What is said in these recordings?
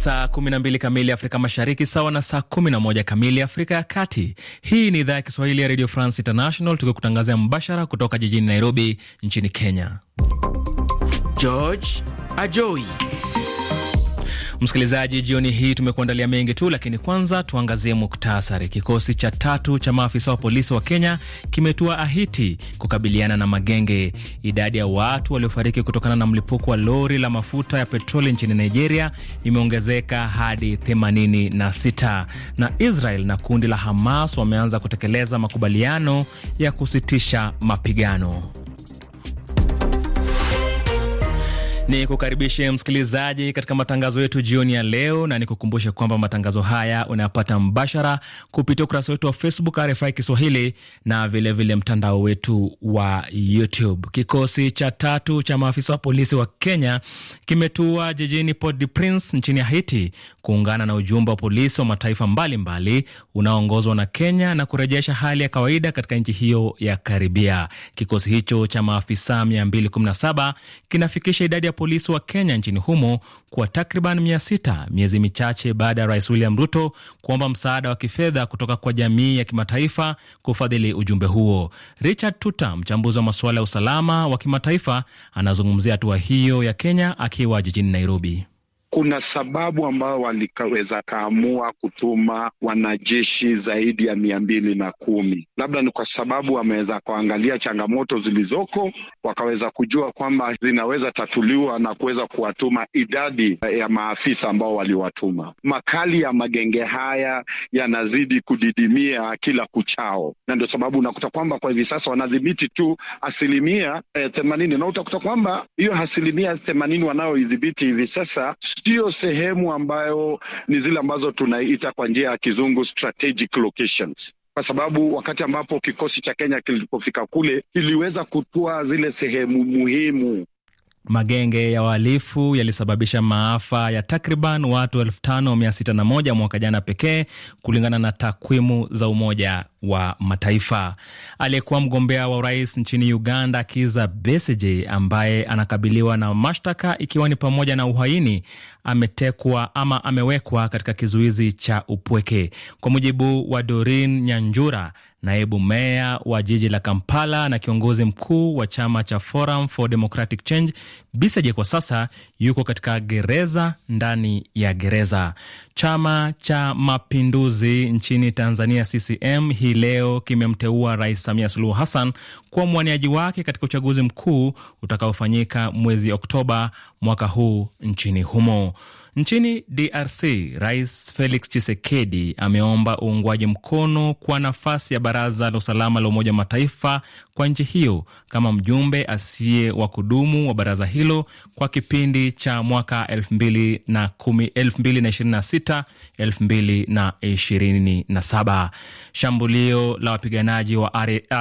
saa 12 kamili Afrika Mashariki, sawa na saa 11 kamili Afrika ya Kati. Hii ni idhaa ya Kiswahili ya Radio France International, tukikutangazia mbashara kutoka jijini Nairobi nchini Kenya. George Ajoi Msikilizaji, jioni hii tumekuandalia mengi tu, lakini kwanza tuangazie muktasari. Kikosi cha tatu cha maafisa wa polisi wa Kenya kimetua ahiti kukabiliana na magenge. Idadi ya watu waliofariki kutokana na mlipuko wa lori la mafuta ya petroli nchini Nigeria imeongezeka hadi 86. Na Israel na kundi la Hamas wameanza kutekeleza makubaliano ya kusitisha mapigano. Ni kukaribishe msikilizaji katika matangazo yetu jioni ya leo, na nikukumbushe kwamba matangazo haya unayapata mbashara kupitia ukurasa wetu wa Facebook RFI Kiswahili na vilevile vile mtandao wetu wa YouTube. Kikosi cha tatu cha maafisa wa polisi wa Kenya kimetua jijini Port de Prince nchini Haiti kuungana na ujumbe wa polisi wa mataifa mbalimbali unaoongozwa na Kenya na kurejesha hali ya kawaida katika nchi hiyo ya Karibia. Kikosi hicho cha maafisa 217 kinafikisha idadi ya polisi wa Kenya nchini humo kwa takriban mia sita miezi michache baada ya Rais William Ruto kuomba msaada wa kifedha kutoka kwa jamii ya kimataifa kufadhili ujumbe huo. Richard Tuta, mchambuzi wa masuala ya usalama wa kimataifa, anazungumzia hatua hiyo ya Kenya akiwa jijini Nairobi kuna sababu ambao walikaweza kaamua kutuma wanajeshi zaidi ya mia mbili na kumi. Labda ni kwa sababu wameweza kuangalia changamoto zilizoko, wakaweza kujua kwamba zinaweza tatuliwa na kuweza kuwatuma idadi ya maafisa ambao waliwatuma. Makali ya magenge haya yanazidi kudidimia kila kuchao, na ndio sababu unakuta kwamba kwa hivi sasa wanadhibiti tu asilimia eh, themanini eh, na utakuta kwamba hiyo asilimia themanini wanayoidhibiti hivi sasa sio sehemu ambayo ni zile ambazo tunaita kwa njia ya kizungu strategic locations kwa sababu wakati ambapo kikosi cha Kenya kilipofika kule kiliweza kutoa zile sehemu muhimu. Magenge ya wahalifu yalisababisha maafa ya takriban watu elfu tano mia sita na moja mwaka jana pekee kulingana na takwimu za Umoja wa Mataifa. Aliyekuwa mgombea wa urais nchini Uganda, Kiza Besigye, ambaye anakabiliwa na mashtaka ikiwa ni pamoja na uhaini, ametekwa ama amewekwa katika kizuizi cha upweke, kwa mujibu wa Dorin Nyanjura, naibu meya wa jiji la Kampala na kiongozi mkuu wa chama cha Forum for Democratic Change. Besigye kwa sasa yuko katika gereza ndani ya gereza. Chama cha Mapinduzi nchini Tanzania, CCM, hii leo kimemteua Rais Samia Suluhu Hassan kuwa mwaniaji wake katika uchaguzi mkuu utakaofanyika mwezi Oktoba mwaka huu nchini humo. Nchini DRC, Rais Felix Tshisekedi ameomba uungwaji mkono kwa nafasi ya Baraza la Usalama la Umoja wa Mataifa kwa nchi hiyo kama mjumbe asiye wa kudumu wa baraza hilo kwa kipindi cha mwaka 2026 2027. Shambulio la wapiganaji wa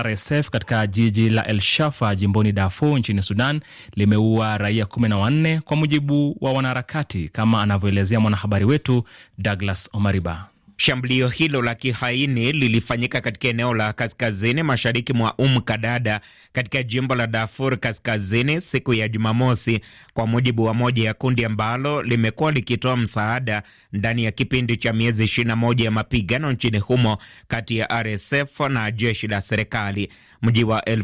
RSF katika jiji la El Shafa jimboni Darfur nchini Sudan limeua raia 14 kwa mujibu wa wanaharakati, kama anavyoelezea mwanahabari wetu Douglas Omariba. Shambulio hilo la kihaini lilifanyika katika eneo la kaskazini mashariki mwa umkadada katika jimbo la Darfur Kaskazini siku ya Jumamosi, kwa mujibu wa moja ya kundi ambalo limekuwa likitoa msaada ndani ya kipindi cha miezi 21 ya mapigano nchini humo kati ya RSF na jeshi la serikali. Mji wa El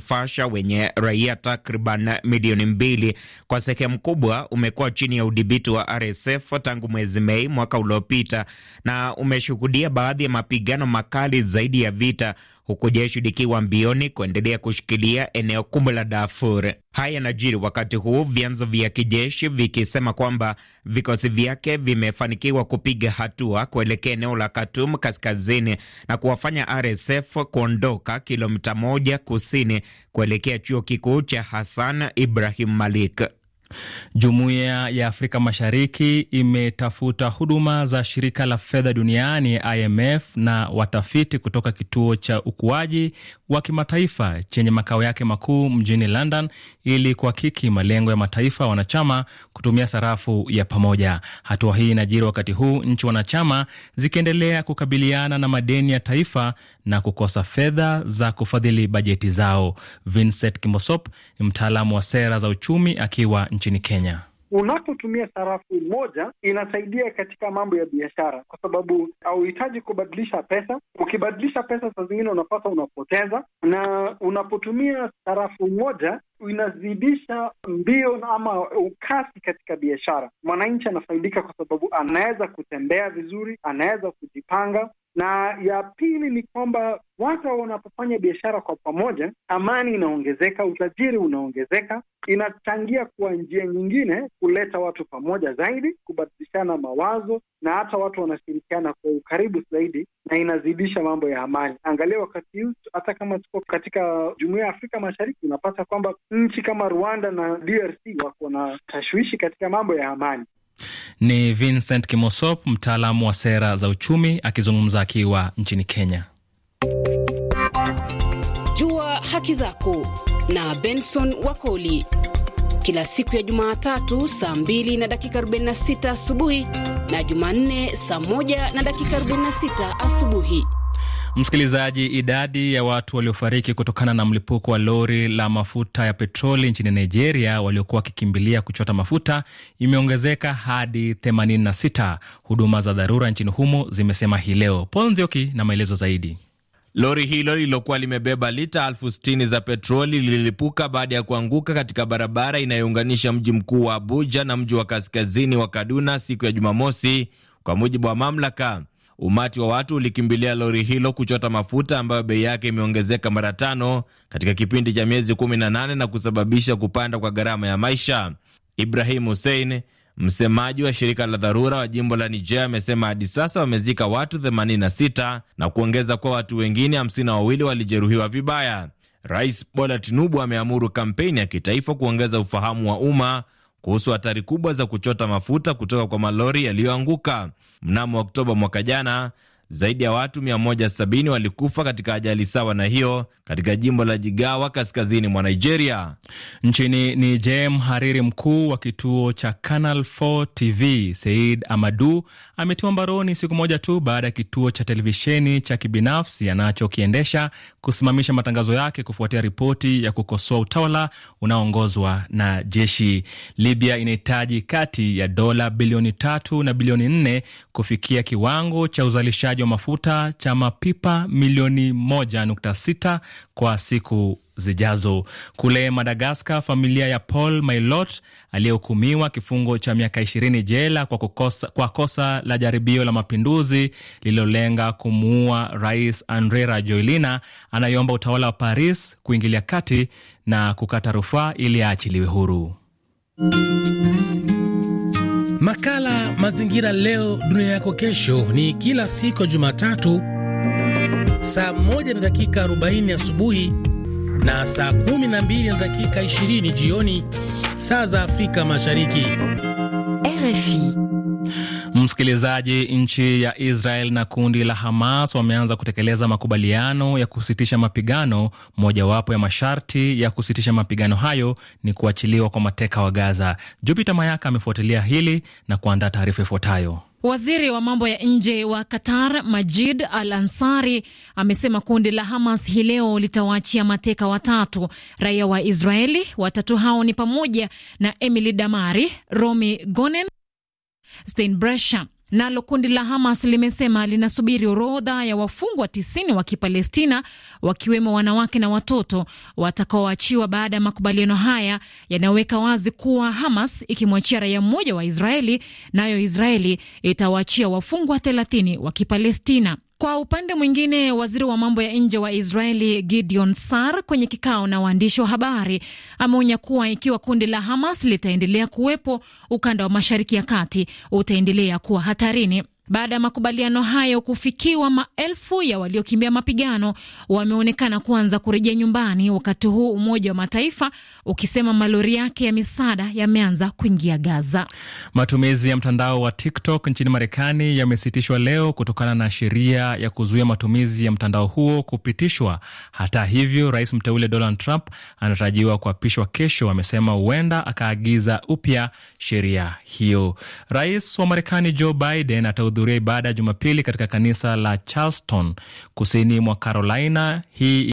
wenye raia takriban milioni mbili kwa sehemu kubwa umekuwa chini ya udhibiti wa RSF tangu mwezi Mei mwaka uliopita na umeshuhudia baadhi ya mapigano makali zaidi ya vita huku jeshi likiwa mbioni kuendelea kushikilia eneo kubwa la Darfur. Haya yanajiri wakati huu vyanzo vya kijeshi vikisema kwamba vikosi vyake vimefanikiwa kupiga hatua kuelekea eneo la Khartoum kaskazini na kuwafanya RSF kuondoka kilomita moja kusini kuelekea chuo kikuu cha Hassan Ibrahim Malik. Jumuiya ya Afrika Mashariki imetafuta huduma za shirika la fedha duniani IMF na watafiti kutoka kituo cha ukuaji wa kimataifa chenye makao yake makuu mjini London ili kuhakiki malengo ya mataifa wanachama kutumia sarafu ya pamoja. Hatua hii inajiri wakati huu nchi wanachama zikiendelea kukabiliana na madeni ya taifa na kukosa fedha za kufadhili bajeti zao. Vincent Kimosop ni mtaalamu wa sera za uchumi akiwa nchini Kenya? Unapotumia sarafu moja inasaidia katika mambo ya biashara, kwa sababu hauhitaji kubadilisha pesa. Ukibadilisha pesa, saa zingine unapata unapoteza, na unapotumia sarafu moja inazidisha mbio ama ukasi katika biashara. Mwananchi anafaidika kwa sababu anaweza kutembea vizuri, anaweza kujipanga, na ya pili ni kwamba watu wanapofanya biashara kwa pamoja, amani inaongezeka, utajiri unaongezeka, inachangia kwa njia nyingine kuleta watu pamoja zaidi, kubadilishana mawazo na hata watu wanashirikiana kwa ukaribu zaidi, na inazidisha mambo ya amani. Angalia wakati huu, hata kama tuko katika jumuia ya Afrika Mashariki, unapata kwamba nchi kama Rwanda na DRC wako na tashwishi katika mambo ya amani. Ni Vincent Kimosop, mtaalamu wa sera za uchumi, akizungumza akiwa nchini Kenya. Jua haki zako na Benson Wakoli kila siku ya Jumatatu saa 2 na dakika 46 asubuhi na Jumanne saa 1 na dakika 46 asubuhi. Msikilizaji, idadi ya watu waliofariki kutokana na mlipuko wa lori la mafuta ya petroli nchini Nigeria waliokuwa wakikimbilia kuchota mafuta imeongezeka hadi 86, huduma za dharura nchini humo zimesema hii leo. Paul Nzioki na maelezo zaidi. Lori hilo lililokuwa limebeba lita elfu sitini za petroli lililipuka baada ya kuanguka katika barabara inayounganisha mji mkuu wa Abuja na mji wa kaskazini wa Kaduna siku ya Jumamosi, kwa mujibu wa mamlaka. Umati wa watu ulikimbilia lori hilo kuchota mafuta ambayo bei yake imeongezeka mara tano katika kipindi cha miezi 18 na kusababisha kupanda kwa gharama ya maisha. Ibrahim Hussein, msemaji wa shirika la dharura wa jimbo la Niger, amesema hadi sasa wamezika watu 86 na kuongeza kuwa watu wengine 52 walijeruhiwa vibaya. Rais Bola Tinubu ameamuru kampeni ya kitaifa kuongeza ufahamu wa umma kuhusu hatari kubwa za kuchota mafuta kutoka kwa malori yaliyoanguka mnamo Oktoba mwaka jana zaidi ya watu 170 walikufa katika ajali sawa na hiyo katika jimbo la Jigawa kaskazini mwa Nigeria. Nchini Niger, mhariri mkuu wa kituo cha Canal 4 TV Said Amadu ametiwa mbaroni siku moja tu baada ya kituo cha televisheni cha kibinafsi anachokiendesha kusimamisha matangazo yake kufuatia ripoti ya kukosoa utawala unaoongozwa na jeshi. Libya inahitaji kati ya dola bilioni tatu na bilioni nne kufikia kiwango cha uzalishaji utumiaji wa mafuta cha mapipa milioni 1.6 kwa siku zijazo. Kule Madagaskar, familia ya Paul Mailot aliyehukumiwa kifungo cha miaka ishirini jela kwa kukosa, kwa kosa la jaribio la mapinduzi lililolenga kumuua Rais Andre Rajoelina anayeomba utawala wa Paris kuingilia kati na kukata rufaa ili aachiliwe huru. Makala Mazingira Leo Dunia Yako Kesho ni kila siku ya Jumatatu saa moja na dakika 40 asubuhi na saa 12 na dakika 20 jioni saa za Afrika Mashariki. RFI Msikilizaji, nchi ya Israel na kundi la Hamas wameanza kutekeleza makubaliano ya kusitisha mapigano. Mojawapo ya masharti ya kusitisha mapigano hayo ni kuachiliwa kwa mateka wa Gaza. Jupita Mayaka amefuatilia hili na kuandaa taarifa ifuatayo. Waziri wa mambo ya nje wa Qatar Majid Al Ansari amesema kundi la Hamas hii leo litawaachia mateka watatu raia wa Israeli. Watatu hao ni pamoja na Emily Damari, Romi Gonen Steinbresha. Nalo kundi la Hamas limesema linasubiri orodha ya wafungwa tisini wa Kipalestina wakiwemo wanawake na watoto watakaoachiwa baada ya makubaliano haya yanayoweka wazi kuwa Hamas ikimwachia raia mmoja wa Israeli, nayo Israeli itawaachia wafungwa thelathini wa Kipalestina. Kwa upande mwingine, waziri wa mambo ya nje wa Israeli Gideon Sar kwenye kikao na waandishi wa habari ameonya kuwa ikiwa kundi la Hamas litaendelea kuwepo, ukanda wa Mashariki ya Kati utaendelea kuwa hatarini. Baada ya makubaliano hayo kufikiwa, maelfu ya waliokimbia mapigano wameonekana kuanza kurejea nyumbani, wakati huu Umoja wa Mataifa ukisema malori yake ya misaada yameanza kuingia Gaza. Matumizi ya mtandao wa TikTok nchini Marekani yamesitishwa leo kutokana na sheria ya kuzuia matumizi ya mtandao huo kupitishwa. Hata hivyo, rais mteule Donald Trump anatarajiwa kuapishwa kesho, amesema huenda akaagiza upya sheria hiyo. Rais wa Marekani Joe Biden kuhudhuria ibada ya Jumapili katika kanisa la Charleston kusini mwa Carolina. Hii